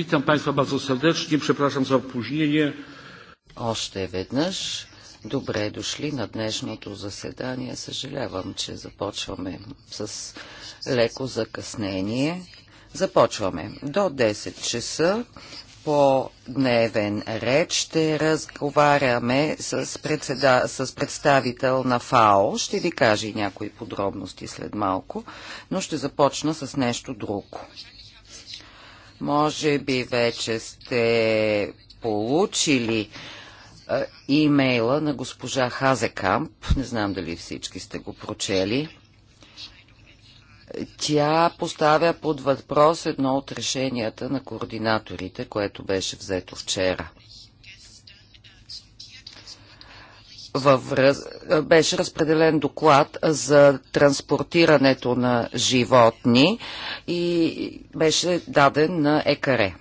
Witam Państwa bardzo serdecznie. Przepraszam za opóźnienie. Още веднъж добре дошли на днешното заседание. Съжалявам, че започваме с леко закъснение. Започваме до 10 часа по дневен ред ще разговаряме с, председа... с представител на ФАО. Ще ви кажа и някои подробности след малко, но ще започна с нещо друго. Може би вече сте получили имейла на госпожа Хазекамп. Не знам дали всички сте го прочели. Тя поставя под въпрос едно от решенията на координаторите, което беше взето вчера – във връз... беше разпределен доклад за транспортирането на животни и беше даден на ЕКАРЕ.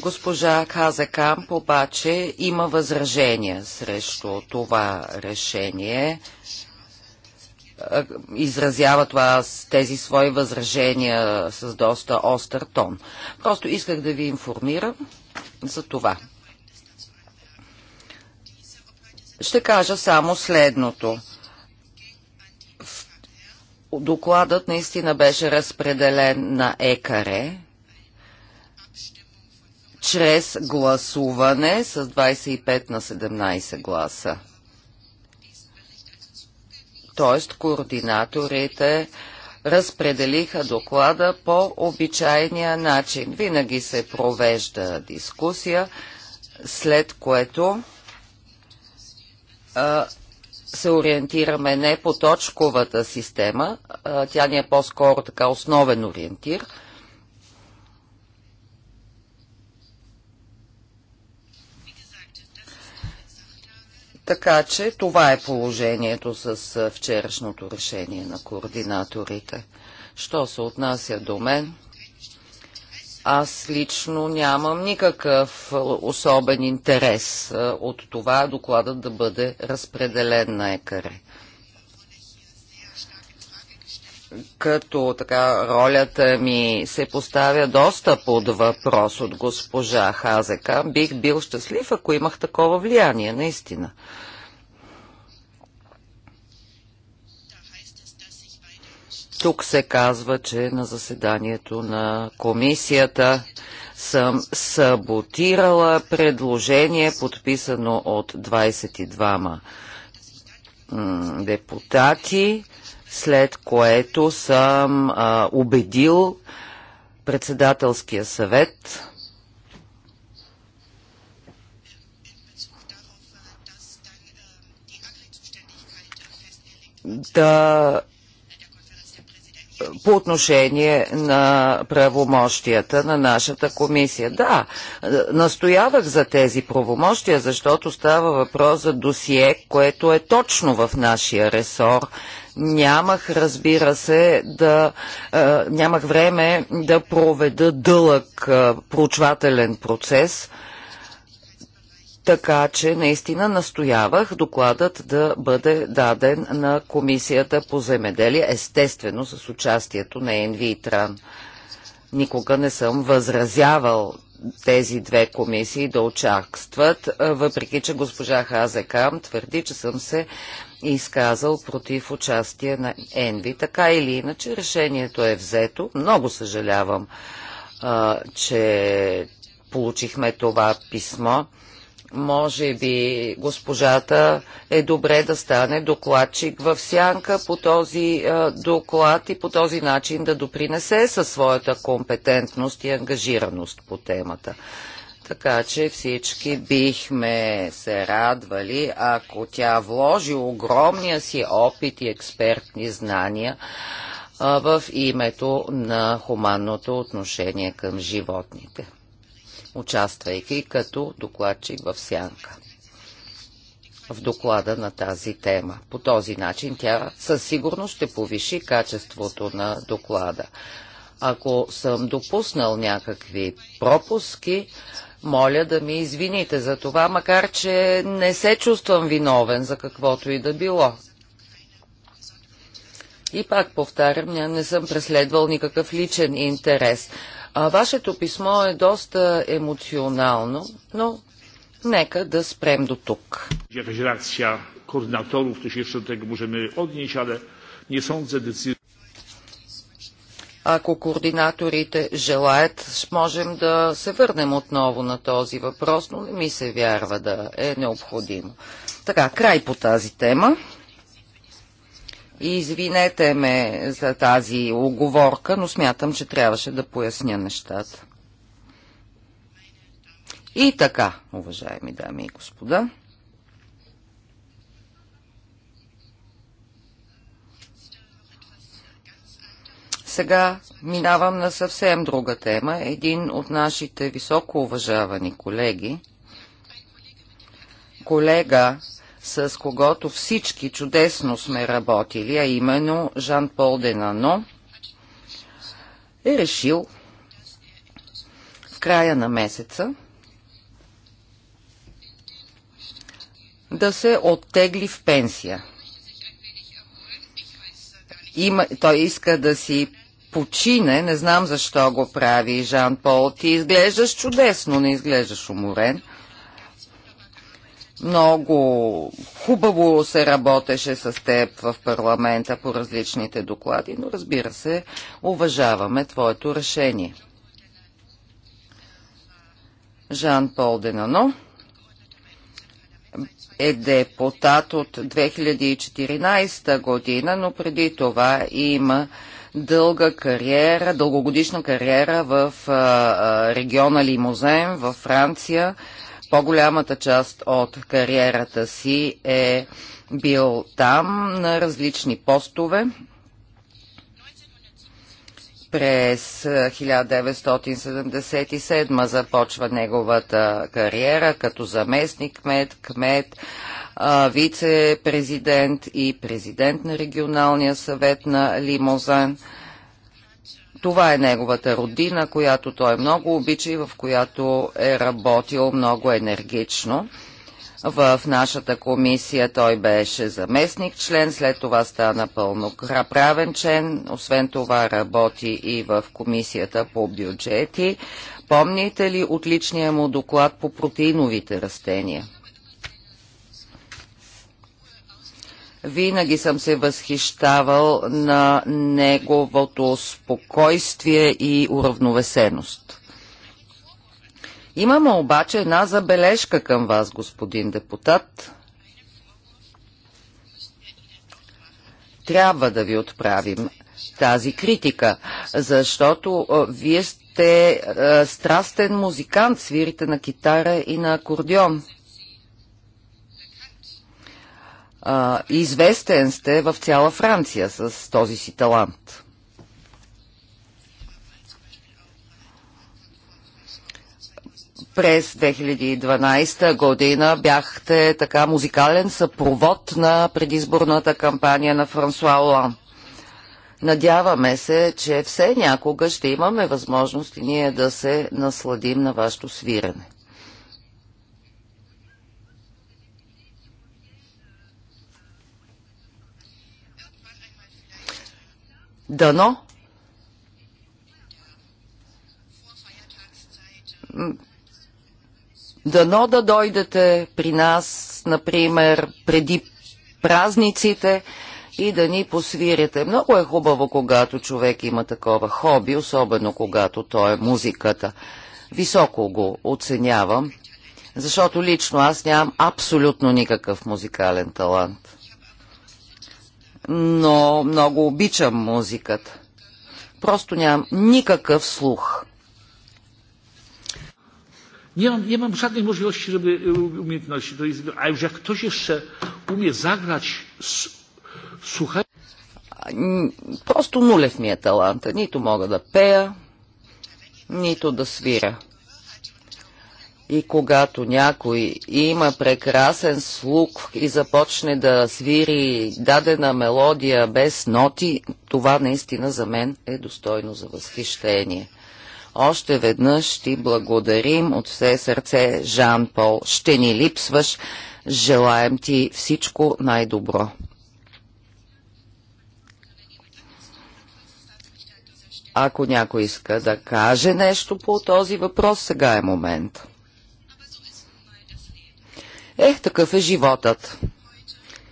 Госпожа Казакамп обаче има възражения срещу това решение изразява това, тези свои възражения с доста остър тон. Просто исках да ви информирам за това. Ще кажа само следното. Докладът наистина беше разпределен на ЕКАРЕ чрез гласуване с 25 на 17 гласа т.е. координаторите разпределиха доклада по обичайния начин. Винаги се провежда дискусия, след което а, се ориентираме не по точковата система, а, тя ни е по-скоро така основен ориентир – Така че това е положението с вчерашното решение на координаторите. Що се отнася до мен, аз лично нямам никакъв особен интерес от това докладът да бъде разпределен на екаре като така ролята ми се поставя доста под въпрос от госпожа Хазека, бих бил щастлив, ако имах такова влияние, наистина. Тук се казва, че на заседанието на комисията съм саботирала предложение, подписано от 22 депутати, след което съм а, убедил председателския съвет да по отношение на правомощията на нашата комисия. Да, настоявах за тези правомощия, защото става въпрос за досие, което е точно в нашия ресор, Нямах, разбира се, да, а, е, нямах време да проведа дълъг а, е, проучвателен процес, така че наистина настоявах докладът да бъде даден на Комисията по земеделие, естествено с участието на Енви и Тран. Никога не съм възразявал тези две комисии да участват, въпреки че госпожа Хазекам твърди, че съм се изказал против участие на Енви. Така или иначе решението е взето. Много съжалявам, че получихме това писмо. Може би госпожата е добре да стане докладчик в сянка по този е, доклад и по този начин да допринесе със своята компетентност и ангажираност по темата. Така че всички бихме се радвали, ако тя вложи огромния си опит и експертни знания а, в името на хуманното отношение към животните участвайки като докладчик в Сянка в доклада на тази тема. По този начин тя със сигурност ще повиши качеството на доклада. Ако съм допуснал някакви пропуски, моля да ми извините за това, макар че не се чувствам виновен за каквото и да било. И пак повтарям, не съм преследвал никакъв личен интерес. А, вашето писмо е доста емоционално, но нека да спрем до тук. Ако координаторите желаят, можем да се върнем отново на този въпрос, но не ми се вярва да е необходимо. Така, край по тази тема. Извинете ме за тази оговорка, но смятам, че трябваше да поясня нещата. И така, уважаеми дами и господа, сега минавам на съвсем друга тема. Един от нашите високо уважавани колеги, колега с когото всички чудесно сме работили, а именно Жан-Пол Денано, е решил в края на месеца да се оттегли в пенсия. Има, той иска да си почине, не знам защо го прави Жан Пол. Ти изглеждаш чудесно, не изглеждаш уморен. Много хубаво се работеше с теб в парламента по различните доклади, но разбира се, уважаваме твоето решение. Жан-Пол Денано е депутат от 2014 година, но преди това има дълга кариера, дългогодишна кариера в а, региона Лимозен, във Франция по-голямата част от кариерата си е бил там на различни постове. През 1977 започва неговата кариера като заместник кмет, кмет, вице-президент и президент на регионалния съвет на Лимозан – това е неговата родина, която той много обича и в която е работил много енергично. В нашата комисия той беше заместник член, след това стана правен член, освен това работи и в комисията по бюджети. Помните ли отличния му доклад по протеиновите растения? Винаги съм се възхищавал на неговото спокойствие и уравновесеност. Имаме обаче една забележка към вас, господин депутат. Трябва да ви отправим тази критика, защото вие сте страстен музикант, свирите на китара и на акордеон. А, известен сте в цяла Франция с този си талант. през 2012 година бяхте така музикален съпровод на предизборната кампания на Франсуа Олан. Надяваме се, че все някога ще имаме възможност и ние да се насладим на вашето свирене. Дано Дано да дойдете при нас, например, преди празниците и да ни посвирите. Много е хубаво, когато човек има такова хоби, особено когато то е музиката. Високо го оценявам, защото лично аз нямам абсолютно никакъв музикален талант но много обичам музиката. Просто нямам никакъв слух. Nie mam, nie mam żadnej możliwości, żeby e, umiejętności. To a już jak ktoś jeszcze umie zagrać, słuchaj. Просто нулев ми е таланта. Нито мога да пея, нито да свиря. И когато някой има прекрасен слух и започне да свири дадена мелодия без ноти, това наистина за мен е достойно за възхищение. Още веднъж ти благодарим от все сърце, Жан Пол. Ще ни липсваш. Желаем ти всичко най-добро. Ако някой иска да каже нещо по този въпрос, сега е момент. Ех, такъв е животът.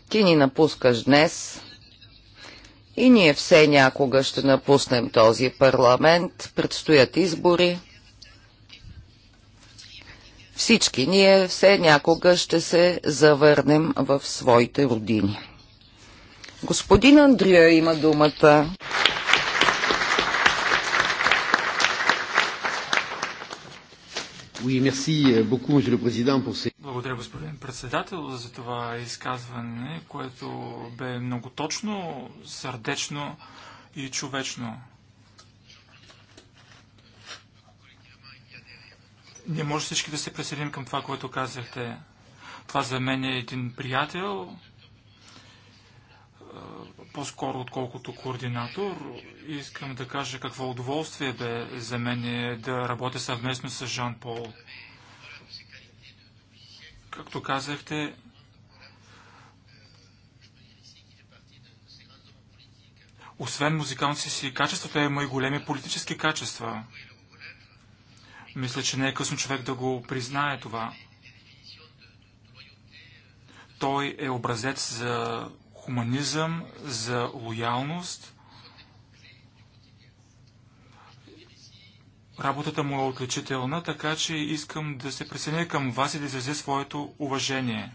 Ти ни напускаш днес и ние все някога ще напуснем този парламент. Предстоят избори. Всички ние все някога ще се завърнем в своите родини. Господин Андрия има думата. Euh, Благодаря, господин председател, за това изказване, което бе много точно, сърдечно и човечно. Не може всички да се присъединим към това, което казахте. Това за мен е един приятел, по-скоро отколкото координатор. Искам да кажа какво удоволствие бе за мен е да работя съвместно с Жан Пол. Както казахте, освен музикалните си качества, той има и големи политически качества. Мисля, че не е късно човек да го признае това. Той е образец за хуманизъм, за лоялност. Работата му е отличителна, така че искам да се присъединя към вас и да изразя своето уважение.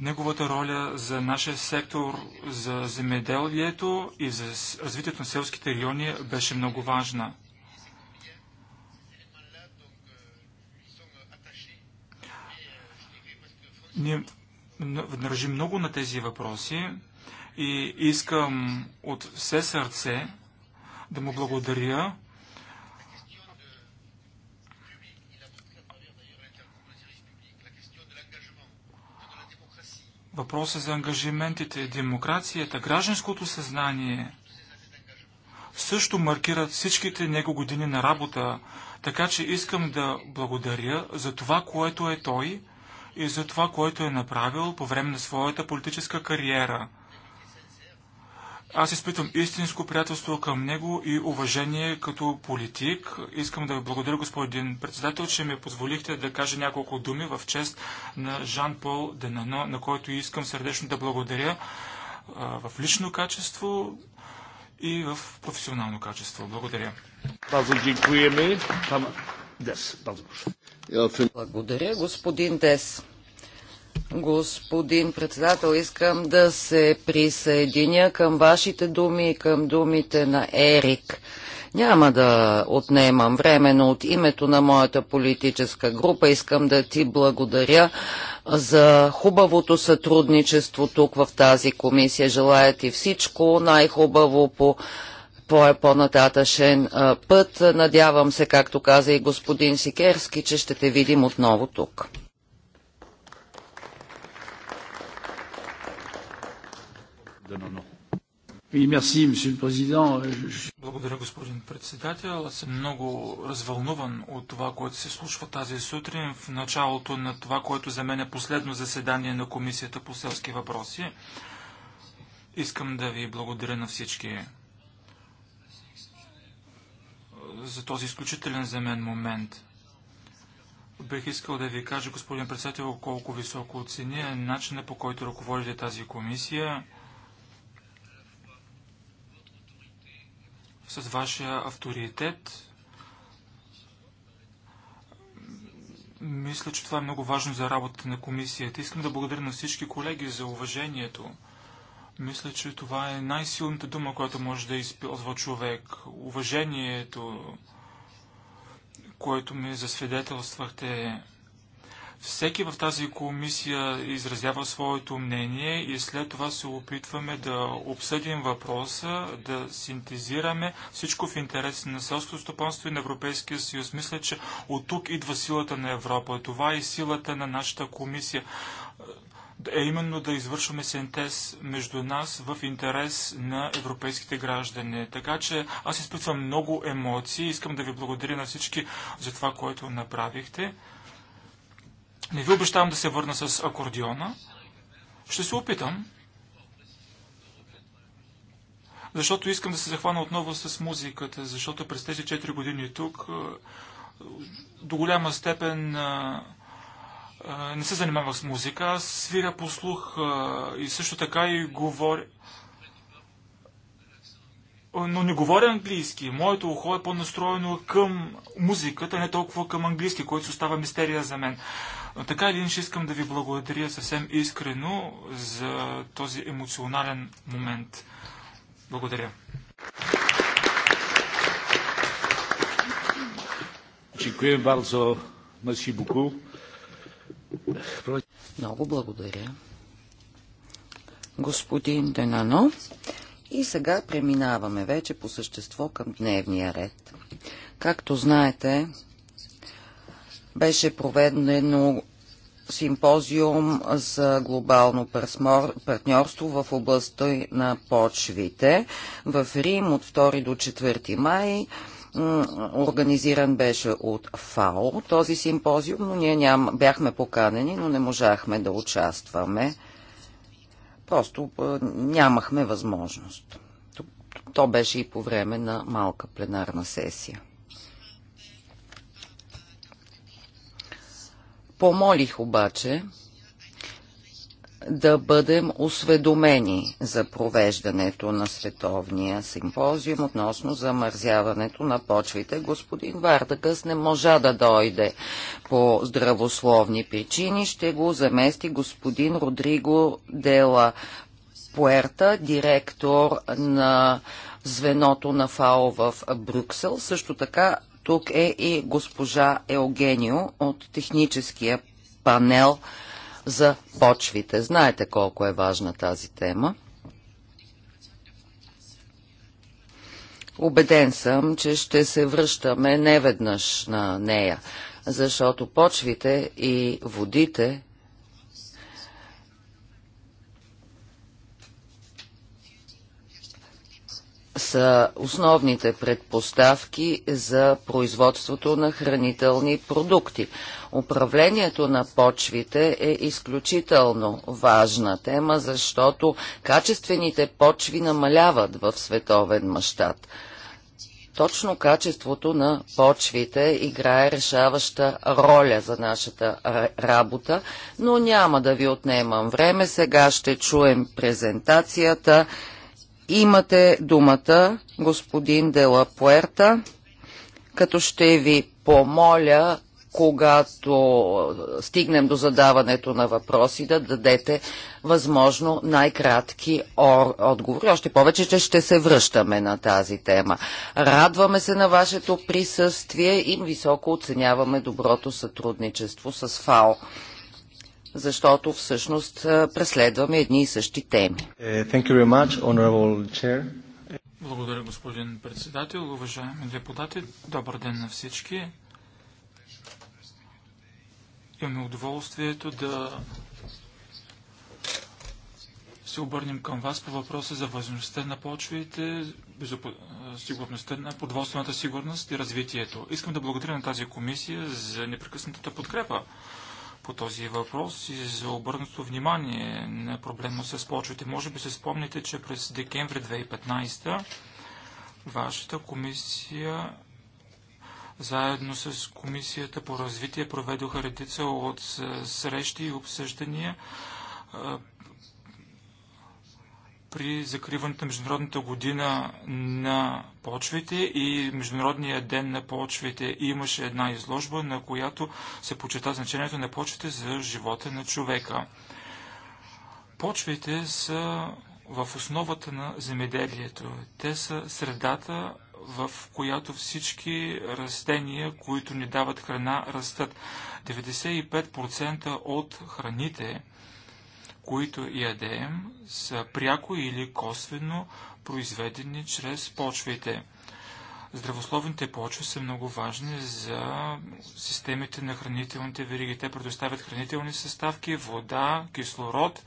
неговата роля за нашия сектор, за земеделието и за развитието на селските райони беше много важна. Ние държим много на тези въпроси и искам от все сърце да му благодаря. Въпросът за ангажиментите, демокрацията, гражданското съзнание също маркират всичките него години на работа, така че искам да благодаря за това, което е той и за това, което е направил по време на своята политическа кариера. Аз изпитвам истинско приятелство към него и уважение като политик. Искам да ви благодаря, господин председател, че ми позволихте да кажа няколко думи в чест на Жан-Пол Денано, на който искам сърдечно да благодаря в лично качество и в професионално качество. Благодаря. Дес. Благодаря, господин Дес. Господин председател, искам да се присъединя към вашите думи и към думите на Ерик. Няма да отнемам време, но от името на моята политическа група искам да ти благодаря за хубавото сътрудничество тук в тази комисия. Желая ти всичко най-хубаво по по-нататъшен път. Надявам се, както каза и господин Сикерски, че ще те видим отново тук. Благодаря, господин председател. Аз съм много развълнуван от това, което се случва тази сутрин в началото на това, което за мен е последно заседание на Комисията по селски въпроси. Искам да ви благодаря на всички за този изключителен за мен момент. Бих искал да ви кажа, господин председател, колко високо оценя начина по който ръководите тази комисия с вашия авторитет. Мисля, че това е много важно за работата на комисията. Искам да благодаря на всички колеги за уважението. Мисля, че това е най-силната дума, която може да използва човек. Уважението, което ми засвидетелствахте. Всеки в тази комисия изразява своето мнение и след това се опитваме да обсъдим въпроса, да синтезираме всичко в интерес на селското стопанство и на Европейския съюз. Мисля, че от тук идва силата на Европа. Това е силата на нашата комисия е именно да извършваме синтез между нас в интерес на европейските граждани. Така че аз изпитвам много емоции. Искам да ви благодаря на всички за това, което направихте. Не ви обещавам да се върна с акордиона. Ще се опитам. Защото искам да се захвана отново с музиката, защото през тези 4 години тук е, до голяма степен е, не се занимавах с музика, аз свиря по слух и също така и говоря. Но не говоря английски. Моето ухо е по-настроено към музиката, не толкова към английски, който се остава мистерия за мен. Но така или иначе искам да ви благодаря съвсем искрено за този емоционален момент. Благодаря. Dziękuję bardzo. Merci beaucoup. Много благодаря. Господин Денано. И сега преминаваме вече по същество към дневния ред. Както знаете, беше проведено симпозиум за глобално партньорство в областта на почвите в Рим от 2 до 4 май Организиран беше от ФАО този симпозиум, но ние ням, бяхме поканени, но не можахме да участваме. Просто нямахме възможност. То беше и по време на малка пленарна сесия. Помолих обаче да бъдем осведомени за провеждането на световния симпозиум относно замързяването на почвите. Господин Вардакъс не можа да дойде по здравословни причини. Ще го замести господин Родриго Дела Пуерта, директор на звеното на ФАО в Брюксел. Също така тук е и госпожа Елгенио от техническия панел – за почвите. Знаете колко е важна тази тема. Обеден съм, че ще се връщаме неведнъж на нея, защото почвите и водите са основните предпоставки за производството на хранителни продукти. Управлението на почвите е изключително важна тема, защото качествените почви намаляват в световен мащаб. Точно качеството на почвите играе решаваща роля за нашата работа, но няма да ви отнемам време. Сега ще чуем презентацията Имате думата, господин Дела Пуерта, като ще ви помоля, когато стигнем до задаването на въпроси, да дадете възможно най-кратки отговори. Още повече, че ще се връщаме на тази тема. Радваме се на вашето присъствие и високо оценяваме доброто сътрудничество с ФАО защото всъщност преследваме едни и същи теми. Е, благодаря, господин председател. Уважаеми депутати, добър ден на всички. Имаме удоволствието да се обърнем към вас по въпроса за възможността на почвите, сигурността на подводствената сигурност и развитието. Искам да благодаря на тази комисия за непрекъснатата подкрепа по този въпрос и за обърнато внимание на проблема с почвите. Може би се спомните, че през декември 2015 вашата комисия заедно с Комисията по развитие проведоха редица от срещи и обсъждания при закриването на Международната година на почвите и Международния ден на почвите имаше една изложба, на която се почета значението на почвите за живота на човека. Почвите са в основата на земеделието. Те са средата, в която всички растения, които ни дават храна, растат. 95% от храните, които ядем са пряко или косвено произведени чрез почвите. Здравословните почви са много важни за системите на хранителните вериги. Те предоставят хранителни съставки, вода, кислород,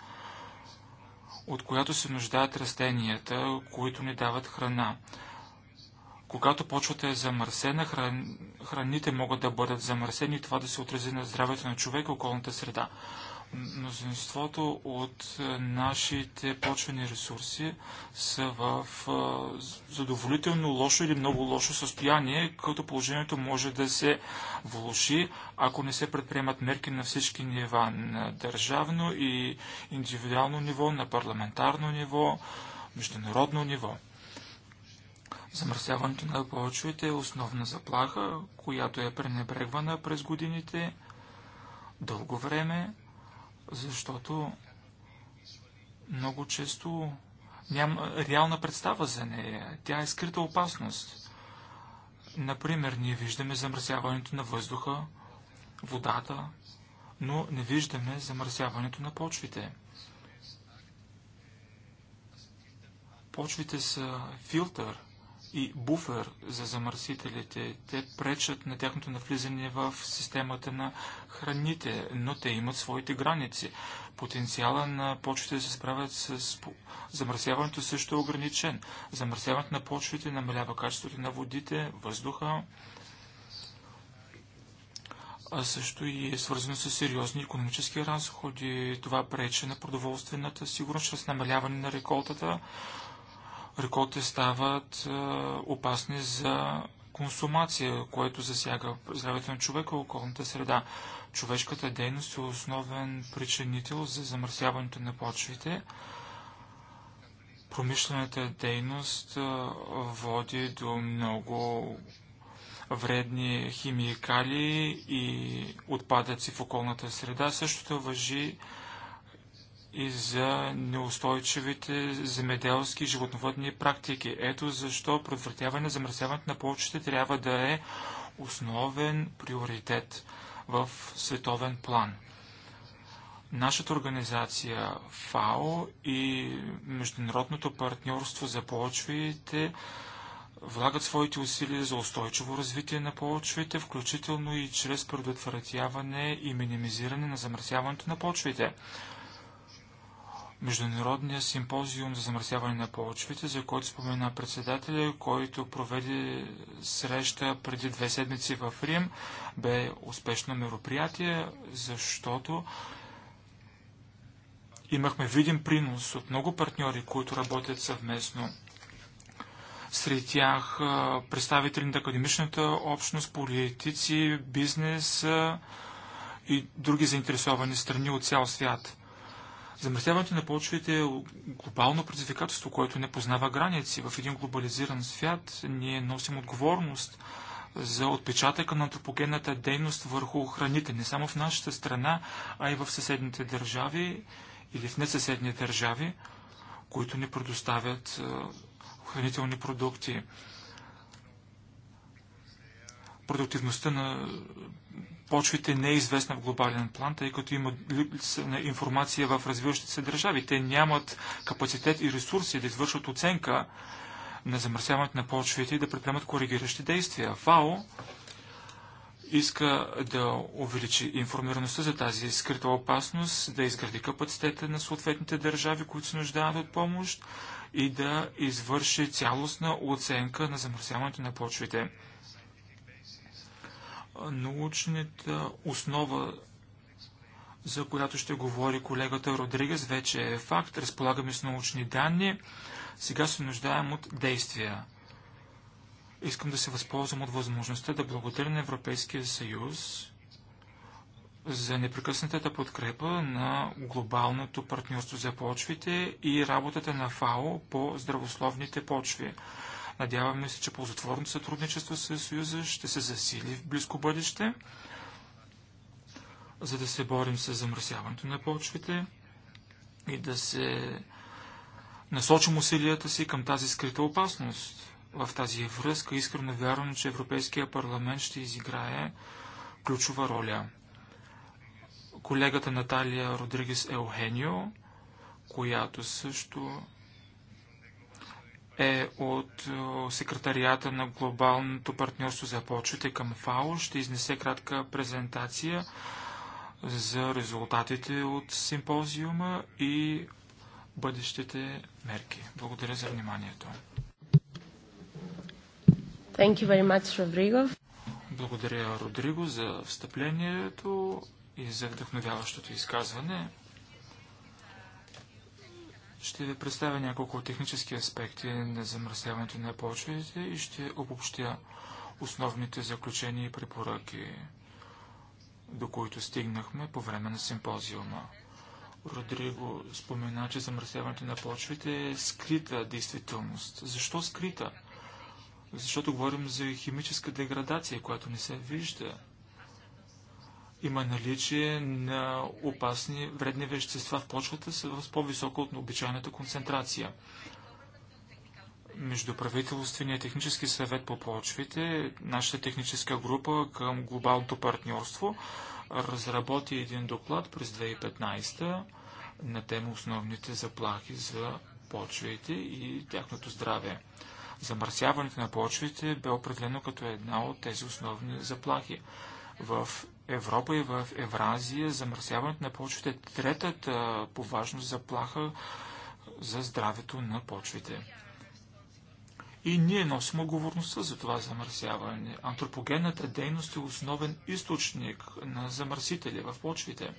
от която се нуждаят растенията, които ни дават храна. Когато почвата е замърсена, хран... храните могат да бъдат замърсени и това да се отрази на здравето на човека и околната среда. Мнозинството от е, нашите почвени ресурси са в е, задоволително лошо или много лошо състояние, като положението може да се влуши, ако не се предприемат мерки на всички нива, на държавно и индивидуално ниво, на парламентарно ниво, международно ниво. Замърсяването на почвите е основна заплаха, която е пренебрегвана през годините, дълго време защото много често няма реална представа за нея. Тя е скрита опасност. Например, ние виждаме замърсяването на въздуха, водата, но не виждаме замърсяването на почвите. Почвите са филтър – и буфер за замърсителите. Те пречат на тяхното навлизане в системата на храните, но те имат своите граници. Потенциала на почвите да се справят с замърсяването също е ограничен. Замърсяването на почвите намалява качеството на водите, въздуха, а също и е свързано с сериозни економически разходи. Това пречи на продоволствената сигурност чрез намаляване на реколтата, реколти стават е, опасни за консумация, което засяга здравето на човека и околната среда. Човешката дейност е основен причинител за замърсяването на почвите. Промишлената дейност е, води до много вредни химикали и отпадъци в околната среда. Същото въжи и за неустойчивите земеделски и животновъдни практики. Ето защо предотвратяване замърсяването на почвите трябва да е основен приоритет в световен план. Нашата организация ФАО и Международното партньорство за почвите влагат своите усилия за устойчиво развитие на почвите, включително и чрез предотвратяване и минимизиране на замърсяването на почвите. Международния симпозиум за замърсяване на почвите, за който спомена председателя, който проведе среща преди две седмици в Рим, бе успешно мероприятие, защото имахме видим принос от много партньори, които работят съвместно. Сред тях представители на академичната общност, политици, бизнес и други заинтересовани страни от цял свят – Замърсяването на почвите е глобално предизвикателство, което не познава граници. В един глобализиран свят ние носим отговорност за отпечатъка на антропогенната дейност върху храните, не само в нашата страна, а и в съседните държави или в несъседни държави, които ни предоставят хранителни продукти. Продуктивността на почвите не е известна в глобален план, тъй като има информация в развиващите се държави. Те нямат капацитет и ресурси да извършват оценка на замърсяването на почвите и да предприемат коригиращи действия. ФАО иска да увеличи информираността за тази скрита опасност, да изгради капацитета на съответните държави, които се нуждаят от помощ и да извърши цялостна оценка на замърсяването на почвите научната основа, за която ще говори колегата Родригес, вече е факт. Разполагаме с научни данни. Сега се нуждаем от действия. Искам да се възползвам от възможността да благодаря на Европейския съюз за непрекъснатата подкрепа на глобалното партньорство за почвите и работата на ФАО по здравословните почви. Надяваме се, че ползотворното сътрудничество с Съюза ще се засили в близко бъдеще, за да се борим с замърсяването на почвите и да се насочим усилията си към тази скрита опасност. В тази връзка искрено вярвам, че Европейския парламент ще изиграе ключова роля. Колегата Наталия Родригес Елхенио, която също е от секретарията на Глобалното партньорство за почвите към ФАО. Ще изнесе кратка презентация за резултатите от симпозиума и бъдещите мерки. Благодаря за вниманието. Thank you very much, Rodrigo. Благодаря, Родриго, за встъплението и за вдъхновяващото изказване. Ще ви представя няколко технически аспекти на замърсяването на почвите и ще обобщя основните заключения и препоръки, до които стигнахме по време на симпозиума. Родриго спомена, че замърсяването на почвите е скрита действителност. Защо скрита? Защото говорим за химическа деградация, която не се вижда има наличие на опасни вредни вещества в почвата с по-висока от обичайната концентрация. Междуправителствения технически съвет по почвите, нашата техническа група към глобалното партньорство, разработи един доклад през 2015 на тема основните заплахи за почвите и тяхното здраве. Замърсяването на почвите бе определено като една от тези основни заплахи. В Европа и в Евразия замърсяването на почвите е третата по важност заплаха за здравето на почвите. И ние носим отговорността за това замърсяване. Антропогенната дейност е основен източник на замърсители в почвите.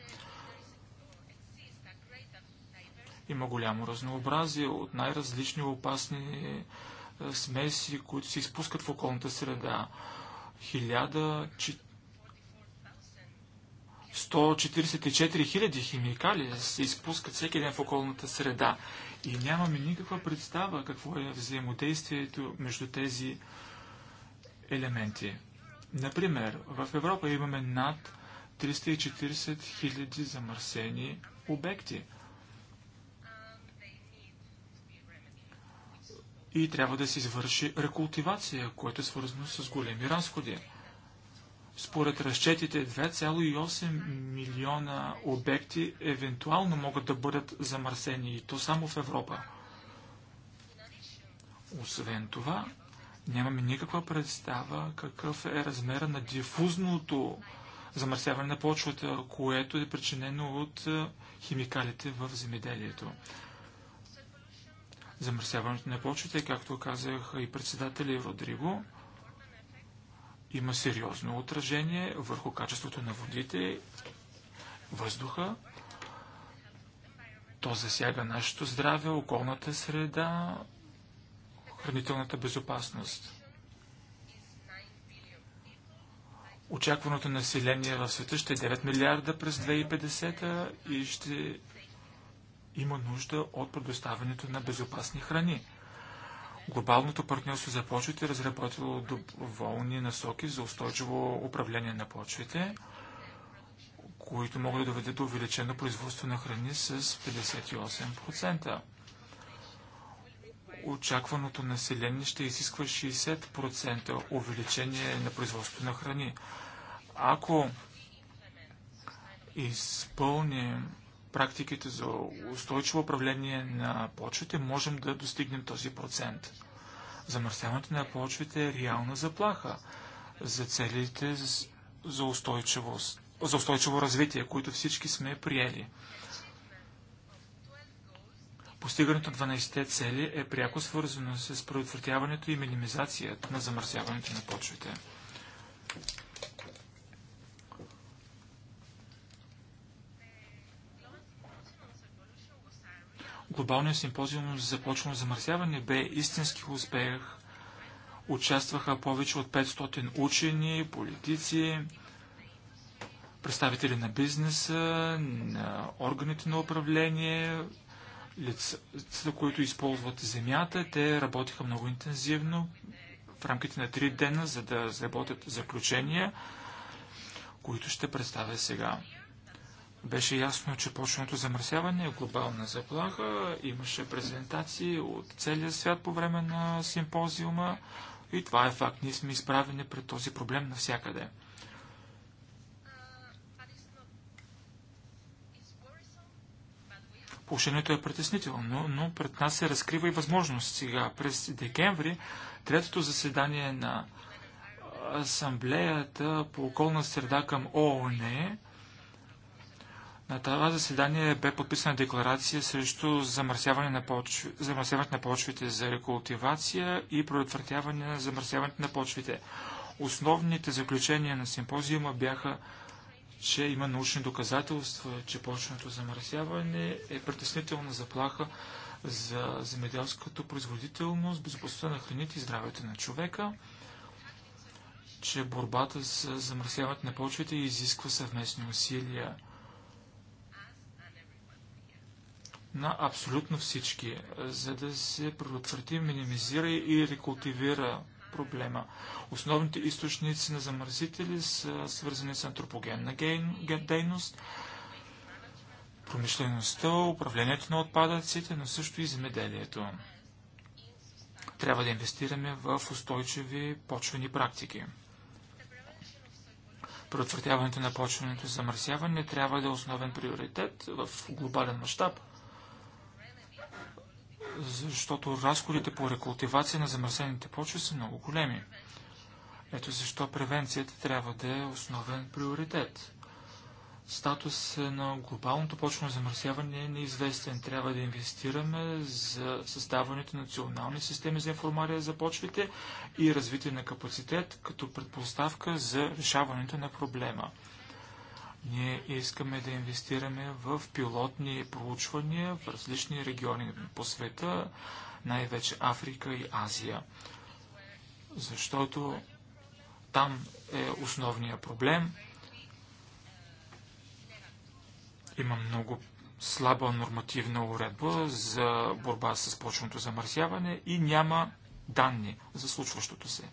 Има голямо разнообразие от най-различни опасни смеси, които се изпускат в околната среда. 1000 144 000 химикали се изпускат всеки ден в околната среда и нямаме никаква представа какво е взаимодействието между тези елементи. Например, в Европа имаме над 340 000 замърсени обекти. И трябва да се извърши рекултивация, което е свързано с големи разходи. Според разчетите 2,8 милиона обекти евентуално могат да бъдат замърсени и то само в Европа. Освен това, нямаме никаква представа какъв е размера на дифузното замърсяване на почвата, което е причинено от е, химикалите в земеделието. Замърсяването на почвата, както казах и председателя Родриго, има сериозно отражение върху качеството на водите, въздуха. То засяга нашето здраве, околната среда, хранителната безопасност. Очакваното население в света ще е 9 милиарда през 2050 и ще има нужда от предоставянето на безопасни храни. Глобалното партньорство за почвите е разработило доволни насоки за устойчиво управление на почвите, които могат да доведат до увеличено производство на храни с 58%. Очакваното население ще изисква 60% увеличение на производство на храни. Ако изпълним практиките за устойчиво управление на почвите можем да достигнем този процент. Замърсяването на почвите е реална заплаха за целите за, устойчивост, за устойчиво развитие, които всички сме приели. Постигането на 12-те цели е пряко свързано с предотвратяването и минимизацията на замърсяването на почвите. Глобалният симпозиум за започвано замърсяване бе истински успех. Участваха повече от 500 учени, политици, представители на бизнеса, на органите на управление, лицата, които използват земята. Те работиха много интензивно в рамките на 3 дена, за да заработят заключения, които ще представя сега. Беше ясно, че почвеното замърсяване е глобална заплаха. Имаше презентации от целия свят по време на симпозиума и това е факт. Ние сме изправени пред този проблем навсякъде. Положението е притеснително, но пред нас се разкрива и възможност сега. През декември, третото заседание на Асамблеята по околна среда към ООН е на това заседание бе подписана декларация срещу замърсяване на почв... замърсяването на почвите за рекултивация и предотвратяване на замърсяването на почвите. Основните заключения на симпозиума бяха, че има научни доказателства, че почвеното замърсяване е притеснителна заплаха за земеделската производителност, безопасността на храните и здравето на човека, че борбата с замърсяването на почвите изисква съвместни усилия – на абсолютно всички, за да се предотврати, минимизира и рекултивира проблема. Основните източници на замърсители са свързани с антропогенна дейност, промишлеността, управлението на отпадъците, но също и земеделието. Трябва да инвестираме в устойчиви почвени практики. Предотвратяването на почвеното замърсяване трябва да е основен приоритет в глобален мащаб – защото разходите по рекултивация на замърсените почви са много големи. Ето защо превенцията трябва да е основен приоритет. Статус на глобалното почвено замърсяване е неизвестен. Трябва да инвестираме за създаването на национални системи за информация за почвите и развитие на капацитет като предпоставка за решаването на проблема. Ние искаме да инвестираме в пилотни проучвания в различни региони по света, най-вече Африка и Азия. Защото там е основният проблем. Има много слаба нормативна уредба за борба с почвеното замърсяване и няма данни за случващото се.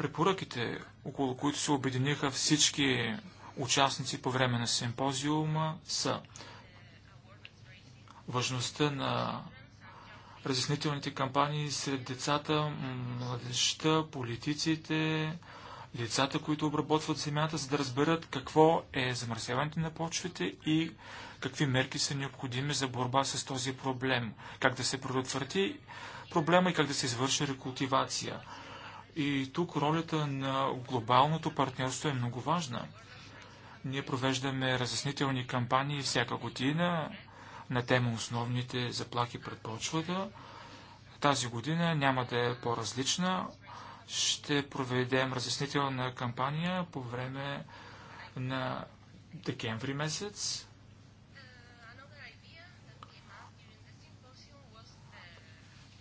Препоръките, около които се обединиха всички участници по време на симпозиума са важността на разяснителните кампании сред децата, младежта, политиците, лицата, които обработват земята, за да разберат какво е замърсяването на почвите и какви мерки са необходими за борба с този проблем, как да се предотврати проблема и как да се извърши рекултивация. И тук ролята на глобалното партньорство е много важна. Ние провеждаме разяснителни кампании всяка година на тема основните заплахи пред почвата. Тази година няма да е по-различна. Ще проведем разяснителна кампания по време на декември месец.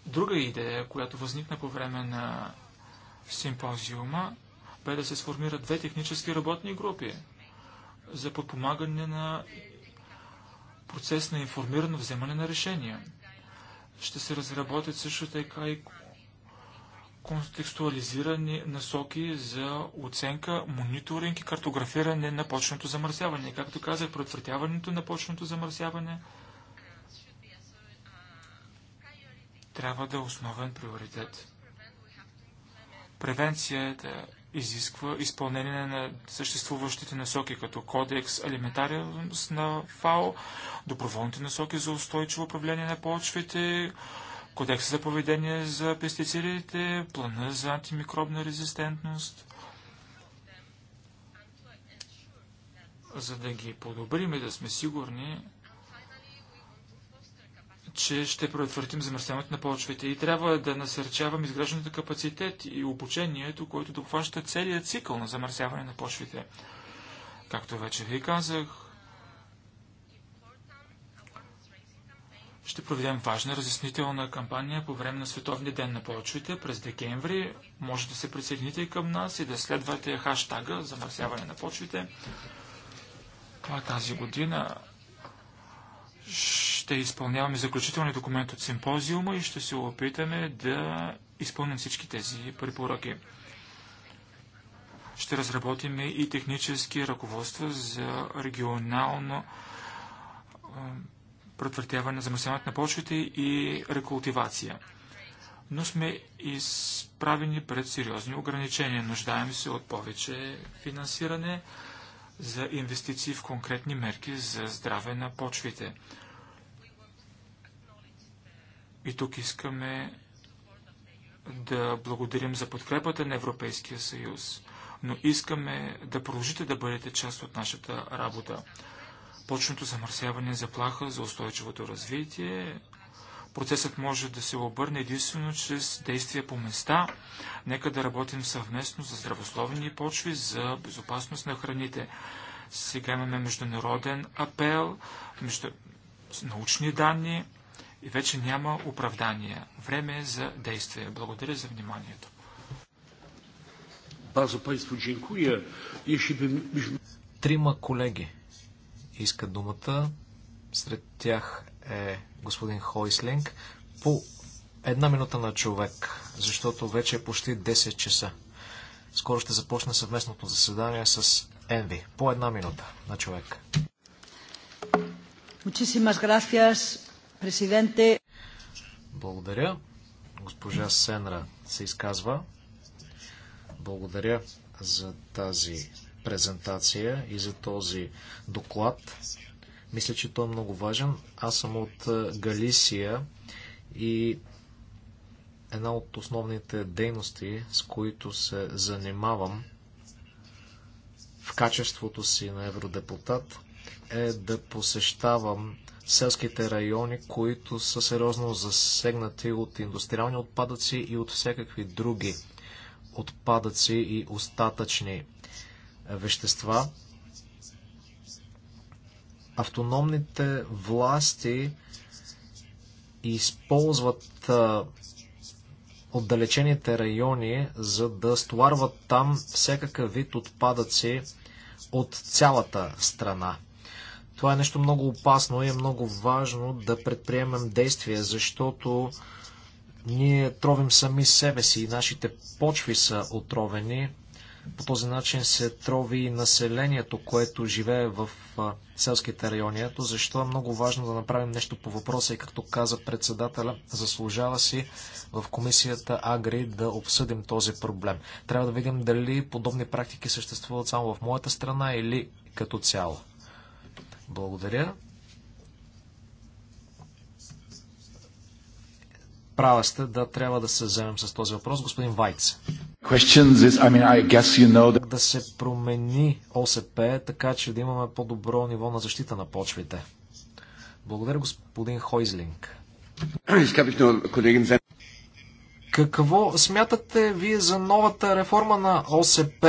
Друга идея, която възникна по време на в симпозиума бе да се сформират две технически работни групи за подпомагане на процес на информирано вземане на решения. Ще се разработят също така и контекстуализирани насоки за оценка, мониторинг и картографиране на почното замърсяване. Както казах, предотвратяването на почното замърсяване трябва да е основен приоритет. Превенцията изисква изпълнение на съществуващите насоки, като кодекс алиментариус на ФАО, доброволните насоки за устойчиво управление на почвите, кодекс за поведение за пестицидите, плана за антимикробна резистентност. За да ги подобрим и да сме сигурни, че ще предотвратим замърсяването на почвите. И трябва да насърчавам изграждането на капацитет и обучението, което да обхваща целият цикъл на замърсяване на почвите. Както вече ви казах, ще проведем важна разяснителна кампания по време на Световния ден на почвите през декември. Може да се присъедините към нас и да следвате хаштага замърсяване на почвите. Това тази година ще изпълняваме заключителни документ от симпозиума и ще се опитаме да изпълним всички тези препоръки. Ще разработим и технически ръководства за регионално предвъртяване на замърсяването на почвите и рекултивация. Но сме изправени пред сериозни ограничения. Нуждаем се от повече финансиране за инвестиции в конкретни мерки за здраве на почвите. И тук искаме да благодарим за подкрепата на Европейския съюз, но искаме да продължите да бъдете част от нашата работа. Почното замърсяване за заплаха за устойчивото развитие. Процесът може да се обърне единствено чрез действия по места. Нека да работим съвместно за здравословни почви, за безопасност на храните. Сега имаме международен апел, между... научни данни, и вече няма оправдания. Време е за действие. Благодаря за вниманието. Трима колеги искат думата. Сред тях е господин Хойслинг. По една минута на човек, защото вече е почти 10 часа. Скоро ще започне съвместното заседание с Енви. По една минута на човек. Muchísimas gracias. Президенте. Благодаря. Госпожа Сенра се изказва. Благодаря за тази презентация и за този доклад. Мисля, че той е много важен. Аз съм от Галисия и една от основните дейности, с които се занимавам в качеството си на евродепутат, е да посещавам селските райони, които са сериозно засегнати от индустриални отпадъци и от всякакви други отпадъци и остатъчни вещества. Автономните власти използват отдалечените райони, за да стоварват там всякакъв вид отпадъци от цялата страна. Това е нещо много опасно и е много важно да предприемем действия, защото ние тровим сами себе си и нашите почви са отровени. По този начин се трови и населението, което живее в селските райони. Ето защо е много важно да направим нещо по въпроса и както каза председателя, заслужава си в комисията Агри да обсъдим този проблем. Трябва да видим дали подобни практики съществуват само в моята страна или като цяло. Благодаря. Права сте, да, трябва да се вземем с този въпрос. Господин Вайц. Да се промени ОСП, така че да имаме по-добро ниво на защита на почвите. Благодаря, господин Хойзлинг. Какво смятате вие за новата реформа на ОСП?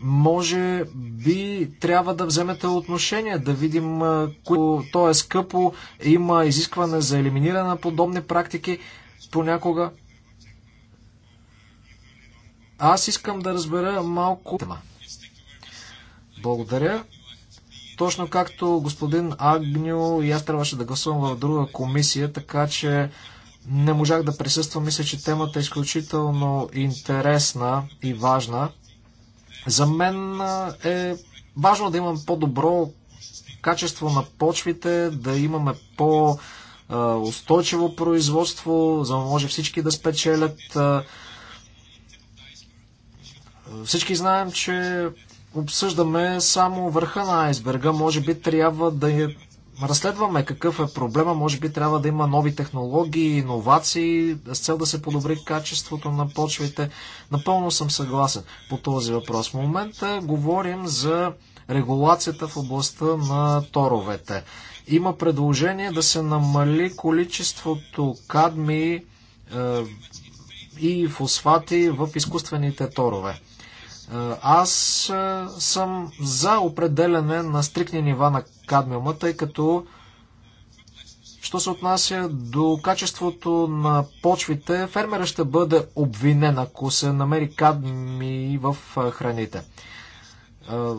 Може би трябва да вземете отношение, да видим кое то е скъпо, има изискване за елиминиране на подобни практики понякога. Аз искам да разбера малко тема. Благодаря. Точно както господин Агню и аз трябваше да гласувам в друга комисия, така че не можах да присъствам. Мисля, че темата е изключително интересна и важна. За мен е важно да имам по-добро качество на почвите, да имаме по-устойчиво производство, за да може всички да спечелят. Всички знаем, че обсъждаме само върха на айсберга. Може би трябва да е разследваме какъв е проблема. Може би трябва да има нови технологии, иновации, с цел да се подобри качеството на почвите. Напълно съм съгласен по този въпрос. В момента говорим за регулацията в областта на торовете. Има предложение да се намали количеството кадми е, и фосфати в изкуствените торове. Е, аз е, съм за определене на стрикни нива на кадмиума, тъй като що се отнася до качеството на почвите, фермера ще бъде обвинен, ако се намери кадми в е, храните.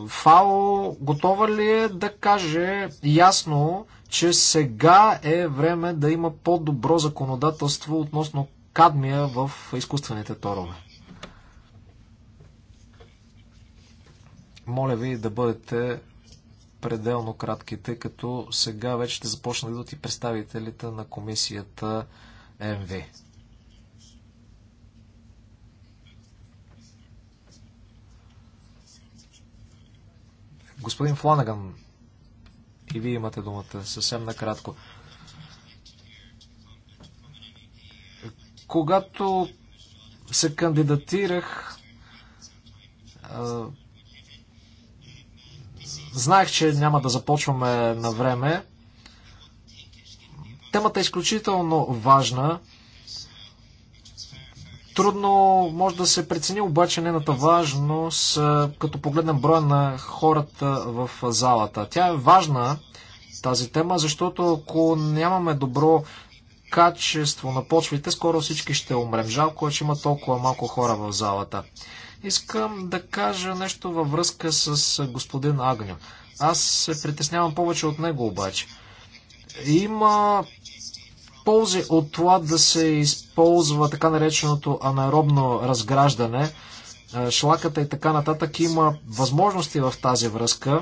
ФАО готова ли е да каже ясно, че сега е време да има по-добро законодателство относно кадмия в изкуствените торове? Моля ви да бъдете пределно кратки, тъй като сега вече ще започнат да идват и представителите на комисията МВ. Господин Фланаган, и вие имате думата, съвсем накратко. Когато се кандидатирах, Знаех, че няма да започваме на време. Темата е изключително важна. Трудно може да се прецени обаче нената важност, като погледнем броя на хората в залата. Тя е важна, тази тема, защото ако нямаме добро качество на почвите, скоро всички ще умрем. Жалко е, че има толкова малко хора в залата. Искам да кажа нещо във връзка с господин Агню. Аз се притеснявам повече от него обаче. Има ползи от това да се използва така нареченото анаеробно разграждане, шлаката и така нататък. Има възможности в тази връзка.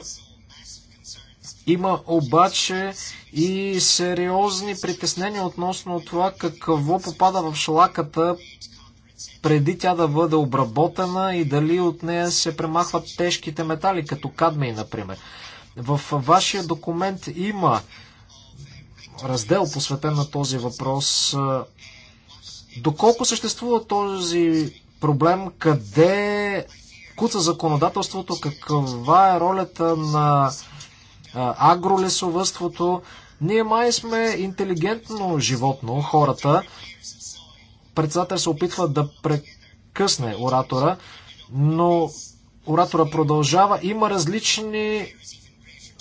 Има обаче и сериозни притеснения относно това какво попада в шлаката преди тя да бъде обработена и дали от нея се премахват тежките метали, като кадмий, например. В вашия документ има раздел, посветен на този въпрос. Доколко съществува този проблем? Къде куца законодателството? Каква е ролята на агролесовътството? Ние май сме интелигентно животно, хората, председател се опитва да прекъсне оратора, но оратора продължава. Има различни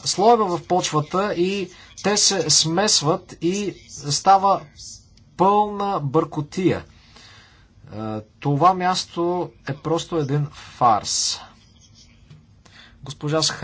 слоеве в почвата и те се смесват и става пълна бъркотия. Е, това място е просто един фарс. Госпожа